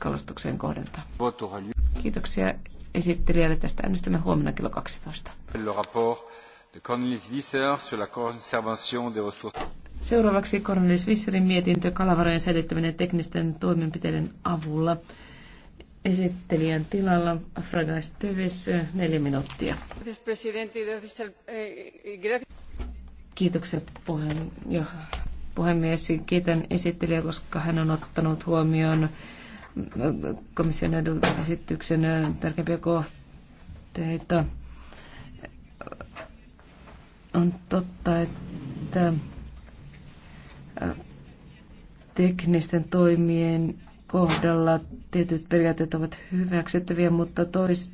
kalastukseen kohdentaa. Kiitoksia esittelijälle. Tästä äänestämme huomenna kello 12. Seuraavaksi Cornelis Visserin mietintö kalavarojen säilyttäminen teknisten toimenpiteiden avulla. Esittelijän tilalla Fragas Teves, neljä minuuttia. Kiitokset puhemies. Kiitän esittelijää, koska hän on ottanut huomioon komission esityksen tärkeimpiä kohteita. On totta, että teknisten toimien kohdalla tietyt periaatteet ovat hyväksyttäviä, mutta tois,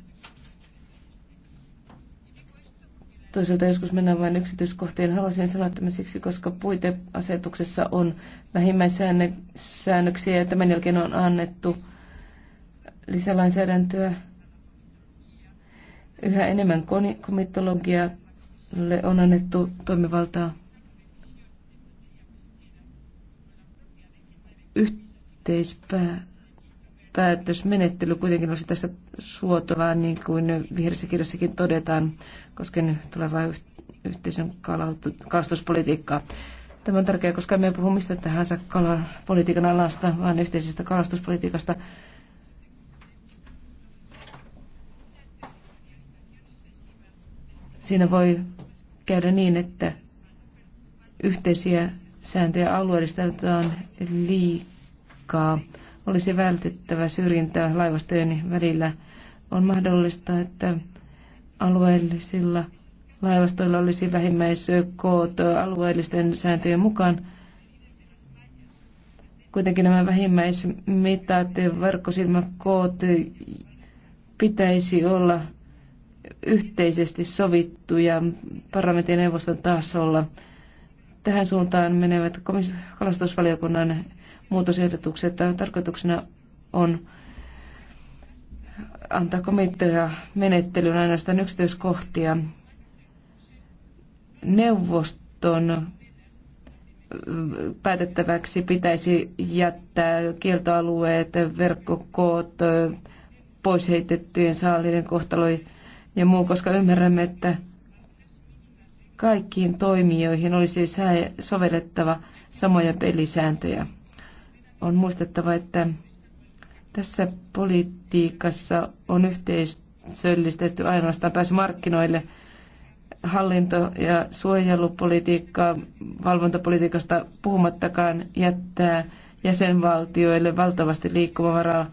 toisaalta joskus mennään vain yksityiskohtiin. Haluaisin sanoa tämän siksi, koska puiteasetuksessa on vähimmäissäännöksiä ja tämän jälkeen on annettu lisälainsäädäntöä. Yhä enemmän komitologialle on annettu toimivaltaa. Yhteispäätösmenettely kuitenkin olisi tässä suotavaa, niin kuin virsikirjassakin todetaan, koskien tulevaa yhteisön kalastuspolitiikkaa. Tämä on tärkeää, koska me puhu mistä tahansa kalapolitiikan alasta, vaan yhteisestä kalastuspolitiikasta. Siinä voi käydä niin, että yhteisiä sääntöjä alueellistetaan liikaa olisi vältettävä syrjintää laivastojen välillä. On mahdollista, että alueellisilla laivastoilla olisi vähimmäiskoot alueellisten sääntöjen mukaan. Kuitenkin nämä vähimmäismitat ja verkkosilmäkoot pitäisi olla yhteisesti sovittuja parlamentin neuvoston tasolla. Tähän suuntaan menevät kalastusvaliokunnan muutosehdotukset. Tarkoituksena on antaa komitea menettelyyn ainoastaan yksityiskohtia neuvoston päätettäväksi pitäisi jättää kieltoalueet, verkkokoot, pois heitettyjen saaliiden kohtalo ja muu, koska ymmärrämme, että kaikkiin toimijoihin olisi sovellettava samoja pelisääntöjä. On muistettava, että tässä politiikassa on yhteisöllistetty ainoastaan pääsy markkinoille hallinto- ja suojelupolitiikkaa, valvontapolitiikasta puhumattakaan jättää jäsenvaltioille valtavasti liikkumavaraa,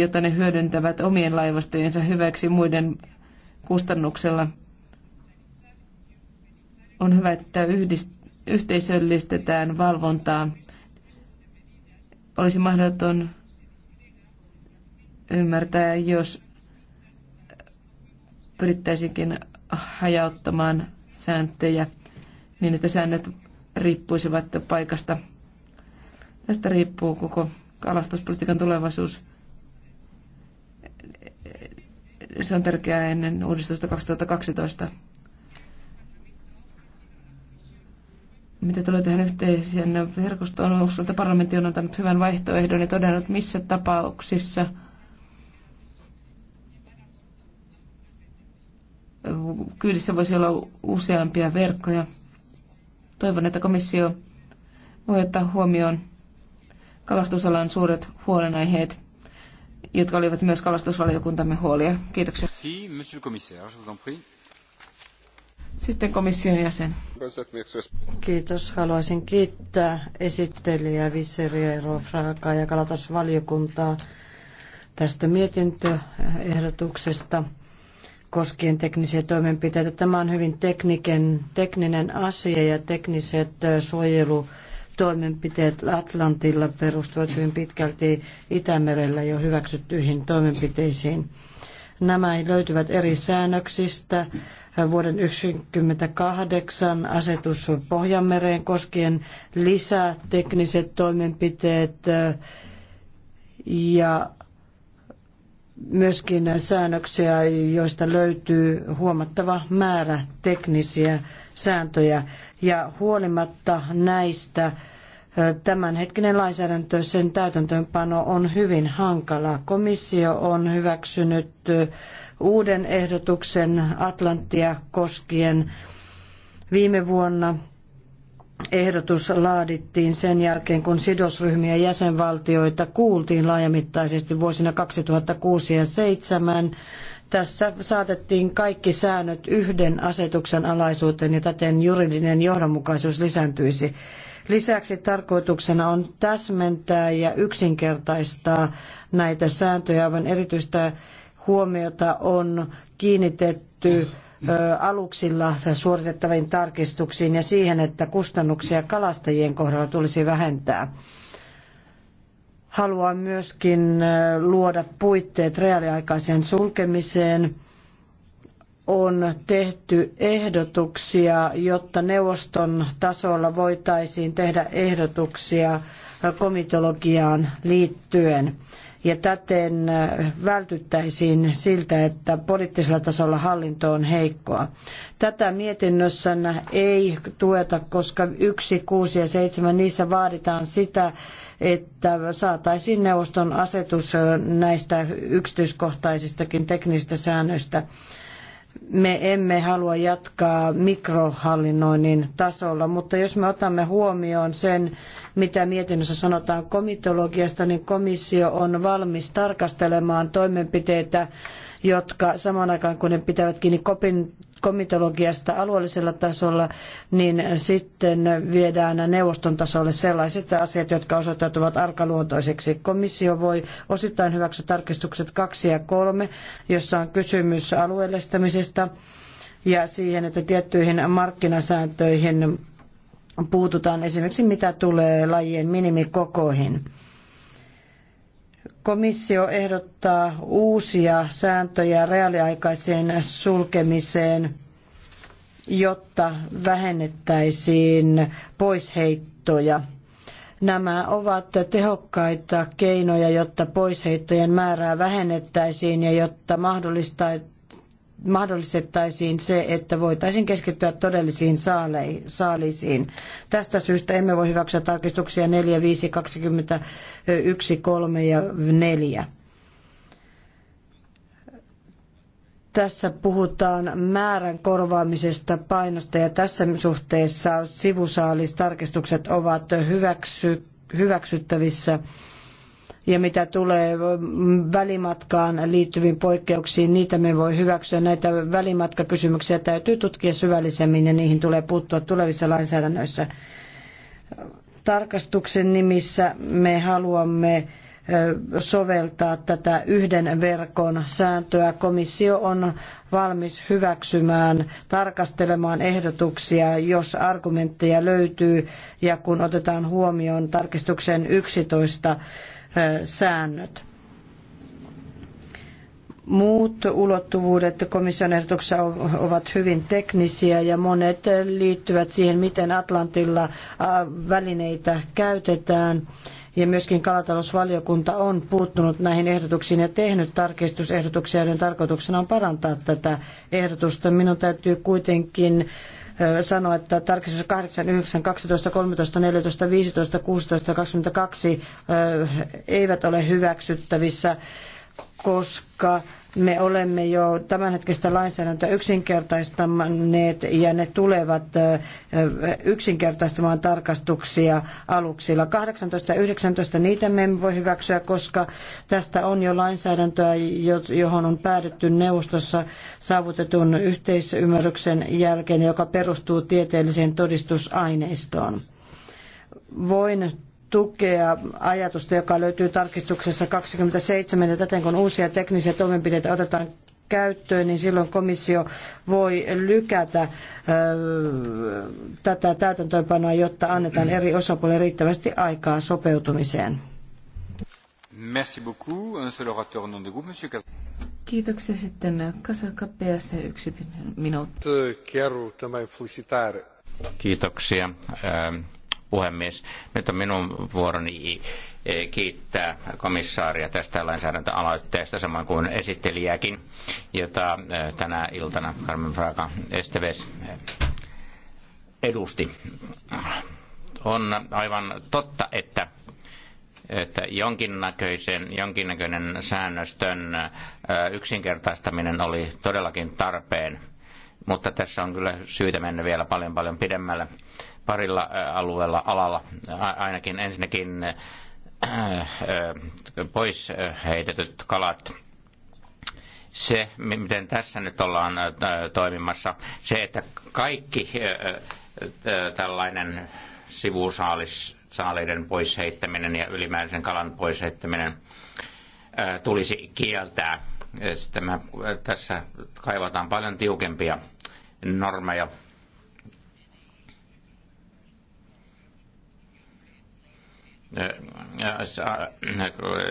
jota ne hyödyntävät omien laivastojensa hyväksi muiden kustannuksella. On hyvä, että yhdist- yhteisöllistetään valvontaa olisi mahdoton ymmärtää, jos pyrittäisinkin hajauttamaan sääntöjä niin, että säännöt riippuisivat paikasta. Tästä riippuu koko kalastuspolitiikan tulevaisuus. Se on tärkeää ennen uudistusta 2012. Mitä tulee tähän yhteiseen verkostoon, uskon, parlamentti on antanut hyvän vaihtoehdon ja todennut, missä tapauksissa kyydissä voisi olla useampia verkkoja. Toivon, että komissio voi ottaa huomioon kalastusalan suuret huolenaiheet, jotka olivat myös kalastusvaliokuntamme huolia. Kiitoksia. Merci, monsieur le commissaire, je vous en prie. Sitten komission jäsen. Kiitos. Haluaisin kiittää esittelijä Visseriä, Rofraakaa ja kalatosvaliokuntaa tästä mietintöehdotuksesta koskien teknisiä toimenpiteitä. Tämä on hyvin tekniken, tekninen asia ja tekniset suojelutoimenpiteet toimenpiteet Atlantilla perustuvat hyvin pitkälti Itämerellä jo hyväksyttyihin toimenpiteisiin. Nämä löytyvät eri säännöksistä vuoden 1998 asetus Pohjanmereen koskien lisätekniset toimenpiteet eh, ja myöskin säännöksiä, joista löytyy huomattava määrä teknisiä sääntöjä. Ja huolimatta näistä tämänhetkinen lainsäädäntö, sen täytäntöönpano on hyvin hankalaa. Komissio on hyväksynyt uuden ehdotuksen Atlanttia koskien viime vuonna. Ehdotus laadittiin sen jälkeen, kun sidosryhmiä jäsenvaltioita kuultiin laajamittaisesti vuosina 2006 ja 2007. Tässä saatettiin kaikki säännöt yhden asetuksen alaisuuteen ja täten juridinen johdonmukaisuus lisääntyisi. Lisäksi tarkoituksena on täsmentää ja yksinkertaistaa näitä sääntöjä. Aivan erityistä huomiota on kiinnitetty aluksilla suoritettaviin tarkistuksiin ja siihen, että kustannuksia kalastajien kohdalla tulisi vähentää. Haluan myöskin luoda puitteet reaaliaikaiseen sulkemiseen – on tehty ehdotuksia, jotta neuvoston tasolla voitaisiin tehdä ehdotuksia komitologiaan liittyen. Ja täten vältyttäisiin siltä, että poliittisella tasolla hallinto on heikkoa. Tätä mietinnössä ei tueta, koska yksi, kuusi ja seitsemän niissä vaaditaan sitä, että saataisiin neuvoston asetus näistä yksityiskohtaisistakin teknisistä säännöistä me emme halua jatkaa mikrohallinnoinnin tasolla, mutta jos me otamme huomioon sen, mitä mietinnössä sanotaan komitologiasta, niin komissio on valmis tarkastelemaan toimenpiteitä, jotka samaan aikaan kun ne pitävät kiinni komitologiasta alueellisella tasolla, niin sitten viedään neuvoston tasolle sellaiset asiat, jotka osoittautuvat arkaluontoisiksi. Komissio voi osittain hyväksyä tarkistukset kaksi ja kolme, jossa on kysymys alueellistamisesta ja siihen, että tiettyihin markkinasääntöihin puututaan esimerkiksi mitä tulee lajien minimikokoihin. Komissio ehdottaa uusia sääntöjä reaaliaikaiseen sulkemiseen, jotta vähennettäisiin poisheittoja. Nämä ovat tehokkaita keinoja, jotta poisheittojen määrää vähennettäisiin ja jotta mahdollistettaisiin se, että voitaisiin keskittyä todellisiin saalisiin. Tästä syystä emme voi hyväksyä tarkistuksia 4, 5, 21, 3 ja 4. Tässä puhutaan määrän korvaamisesta painosta ja tässä suhteessa sivusaalistarkistukset ovat hyväksy, hyväksyttävissä ja mitä tulee välimatkaan liittyviin poikkeuksiin, niitä me voi hyväksyä. Näitä välimatkakysymyksiä täytyy tutkia syvällisemmin ja niihin tulee puuttua tulevissa lainsäädännöissä. Tarkastuksen nimissä me haluamme soveltaa tätä yhden verkon sääntöä. Komissio on valmis hyväksymään, tarkastelemaan ehdotuksia, jos argumentteja löytyy ja kun otetaan huomioon tarkistuksen 11 säännöt. Muut ulottuvuudet komission ehdotuksessa ovat hyvin teknisiä ja monet liittyvät siihen, miten Atlantilla välineitä käytetään. Ja myöskin kalatalousvaliokunta on puuttunut näihin ehdotuksiin ja tehnyt tarkistusehdotuksia, joiden tarkoituksena on parantaa tätä ehdotusta. Minun täytyy kuitenkin äh, sanoa, että tarkistus 8, 9, 12, 13, 14, 15, 16 ja 22 eivät ole hyväksyttävissä koska me olemme jo tämänhetkistä lainsäädäntöä yksinkertaistaneet ja ne tulevat yksinkertaistamaan tarkastuksia aluksilla. 18 ja 19 niitä me emme voi hyväksyä, koska tästä on jo lainsäädäntöä, johon on päädytty neuvostossa saavutetun yhteisymmärryksen jälkeen, joka perustuu tieteelliseen todistusaineistoon voin tukea ajatusta, joka löytyy tarkistuksessa 27, ja täten kun uusia teknisiä toimenpiteitä otetaan käyttöön, niin silloin komissio voi lykätä tätä täytäntöönpanoa, jotta annetaan eri osapuolille riittävästi aikaa sopeutumiseen. Merci beaucoup. Kiitoksia sitten Kasaka PS yksi minuutti. Kiitoksia puhemies. Nyt on minun vuoroni eh, kiittää komissaaria tästä lainsäädäntöaloitteesta, samoin kuin esittelijäkin, jota eh, tänä iltana Carmen Fraga Esteves eh, edusti. On aivan totta, että että jonkinnäköisen, jonkinnäköinen säännöstön yksinkertaistaminen oli todellakin tarpeen, mutta tässä on kyllä syytä mennä vielä paljon paljon pidemmälle parilla alueella alalla ainakin ensinnäkin pois heitetyt kalat se, miten tässä nyt ollaan toimimassa, se, että kaikki tällainen sivusaaliiden poisheittäminen ja ylimääräisen kalan poisheittäminen tulisi kieltää. Sitten me tässä kaivataan paljon tiukempia normeja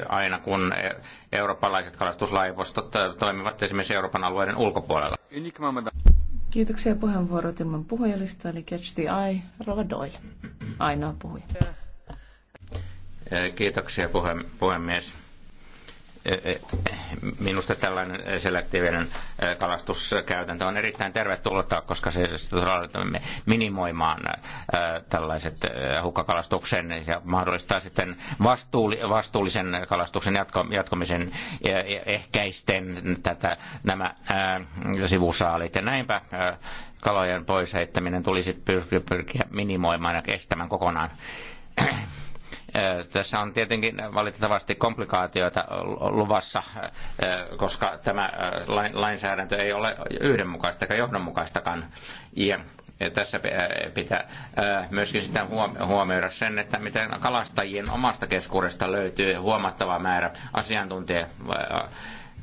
aina kun eurooppalaiset kalastuslaivostot toimivat esimerkiksi Euroopan alueiden ulkopuolella. Kiitoksia puheenvuorot ilman puhujalista, eli Catch the Eye, Rova Doyle, ainoa puhuja. Kiitoksia puhemies Minusta tällainen selektiivinen kalastuskäytäntö on erittäin tervetullutta, koska se todella minimoimaan tällaiset hukkakalastuksen ja mahdollistaa sitten vastuullisen kalastuksen jatkamisen ehkäisten tätä, nämä sivusaalit. Ja näinpä kalojen pois heittäminen tulisi pyrkiä minimoimaan ja kestämään kokonaan tässä on tietenkin valitettavasti komplikaatioita luvassa, koska tämä lainsäädäntö ei ole yhdenmukaista eikä johdonmukaistakaan. Ja tässä pitää myöskin sitä huomioida sen, että miten kalastajien omasta keskuudesta löytyy huomattava määrä asiantuntijoita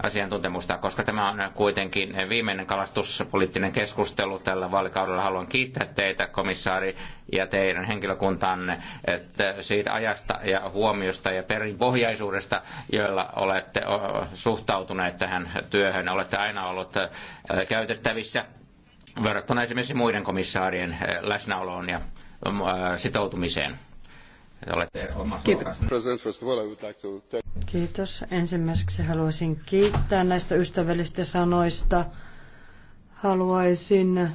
asiantuntemusta, koska tämä on kuitenkin viimeinen kalastuspoliittinen keskustelu tällä vaalikaudella. Haluan kiittää teitä, komissaari, ja teidän henkilökuntanne että siitä ajasta ja huomiosta ja perinpohjaisuudesta, joilla olette suhtautuneet tähän työhön. Olette aina ollut käytettävissä verrattuna esimerkiksi muiden komissaarien läsnäoloon ja sitoutumiseen. Kiitos. Ensimmäiseksi haluaisin kiittää näistä ystävällisistä sanoista. Haluaisin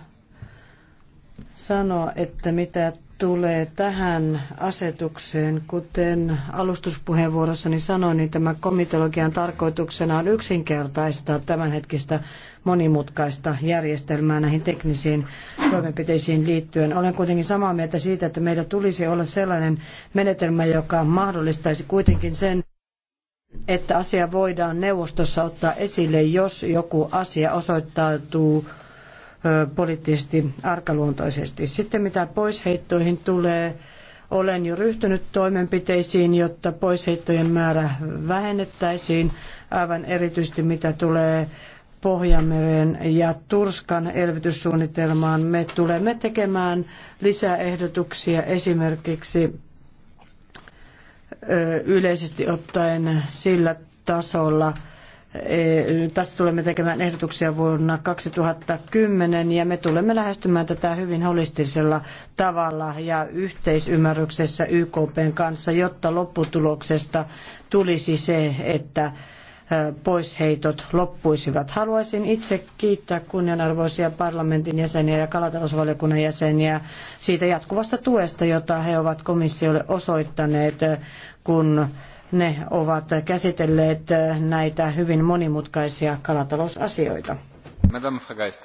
sanoa, että mitä tulee tähän asetukseen, kuten alustuspuheenvuorossani sanoin, niin tämä komitologian tarkoituksena on yksinkertaistaa tämänhetkistä monimutkaista järjestelmää näihin teknisiin toimenpiteisiin liittyen. Olen kuitenkin samaa mieltä siitä, että meillä tulisi olla sellainen menetelmä, joka mahdollistaisi kuitenkin sen, että asia voidaan neuvostossa ottaa esille, jos joku asia osoittautuu poliittisesti arkaluontoisesti. Sitten mitä poisheittoihin tulee, olen jo ryhtynyt toimenpiteisiin, jotta poisheittojen määrä vähennettäisiin, aivan erityisesti mitä tulee Pohjanmeren ja Turskan elvytyssuunnitelmaan. Me tulemme tekemään lisäehdotuksia esimerkiksi yleisesti ottaen sillä tasolla, Eh, tässä tulemme tekemään ehdotuksia vuonna 2010 ja me tulemme lähestymään tätä hyvin holistisella tavalla ja yhteisymmärryksessä YKPn kanssa, jotta lopputuloksesta tulisi se, että eh, poisheitot loppuisivat. Haluaisin itse kiittää kunnianarvoisia parlamentin jäseniä ja kalatalousvaliokunnan jäseniä siitä jatkuvasta tuesta, jota he ovat komissiolle osoittaneet, eh, kun ne ovat käsitelleet näitä hyvin monimutkaisia kalatalousasioita. Madame Fragais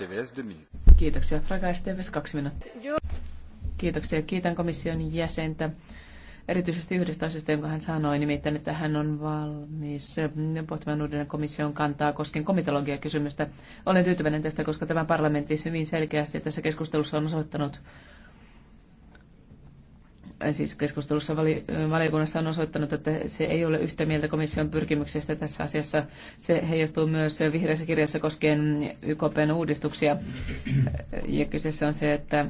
Kiitoksia. Fragais kaksi minuuttia. Kiitoksia. Kiitän komission jäsentä erityisesti yhdestä asiasta, jonka hän sanoi, nimittäin, että hän on valmis pohtimaan uudelleen komission kantaa koskien komitologiakysymystä. Olen tyytyväinen tästä, koska tämä parlamentti hyvin selkeästi tässä keskustelussa on osoittanut siis keskustelussa vali, valiokunnassa on osoittanut, että se ei ole yhtä mieltä komission pyrkimyksestä tässä asiassa. Se heijastuu myös vihreässä kirjassa koskien YKPn uudistuksia. Ja kyseessä on se, että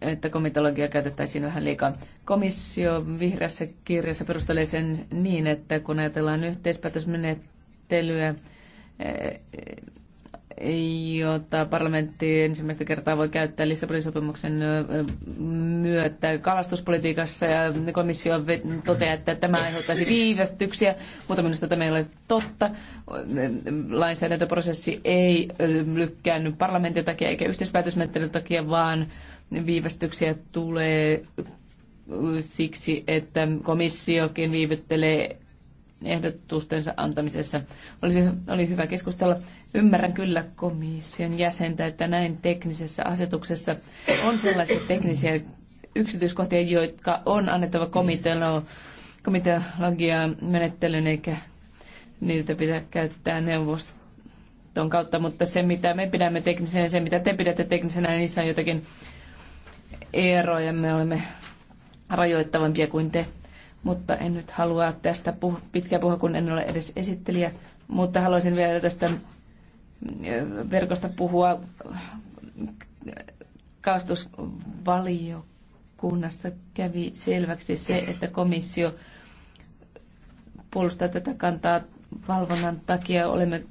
että komitologia käytettäisiin vähän liikaa. Komissio vihreässä kirjassa perustelee sen niin, että kun ajatellaan yhteispäätösmenettelyä, jota parlamentti ensimmäistä kertaa voi käyttää Lissabonin sopimuksen myötä kalastuspolitiikassa ja komissio toteaa, että tämä aiheuttaisi viivästyksiä, mutta minusta tämä ei ole totta. Lainsäädäntöprosessi ei lykkäänny parlamentin takia eikä yhteispäätösmenettelyn takia, vaan viivästyksiä tulee siksi, että komissiokin viivyttelee ehdotustensa antamisessa. Olisi, oli hyvä keskustella. Ymmärrän kyllä komission jäsentä, että näin teknisessä asetuksessa on sellaisia teknisiä yksityiskohtia, jotka on annettava komiteologian menettelyyn, eikä niitä pitää käyttää neuvoston kautta, mutta se mitä me pidämme teknisenä ja se mitä te pidätte teknisenä, niissä on jotakin eroja. Me olemme rajoittavampia kuin te mutta en nyt halua tästä puh- pitkään puhua, kun en ole edes esittelijä, mutta haluaisin vielä tästä mm, verkosta puhua mm, kalastusvaliokunnassa kävi selväksi se, että komissio puolustaa tätä kantaa valvonnan takia. Olemme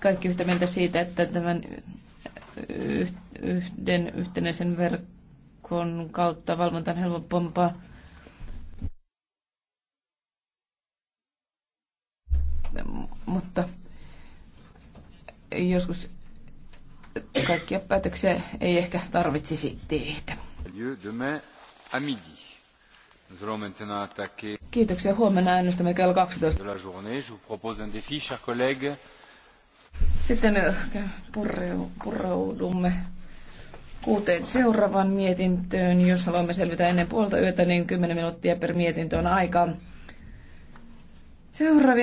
kaikki yhtä mieltä siitä, että tämän yhden yhtenäisen verkon kautta valvonta on helpompaa mutta joskus kaikkia päätöksiä ei ehkä tarvitsisi tehdä. Kiitoksia. Huomenna äänestämme kello 12. Sitten äh, pureudumme kuuteen seuraavan mietintöön. Jos haluamme selvitä ennen puolta yötä, niin 10 minuuttia per mietintö on aika. Seuraavia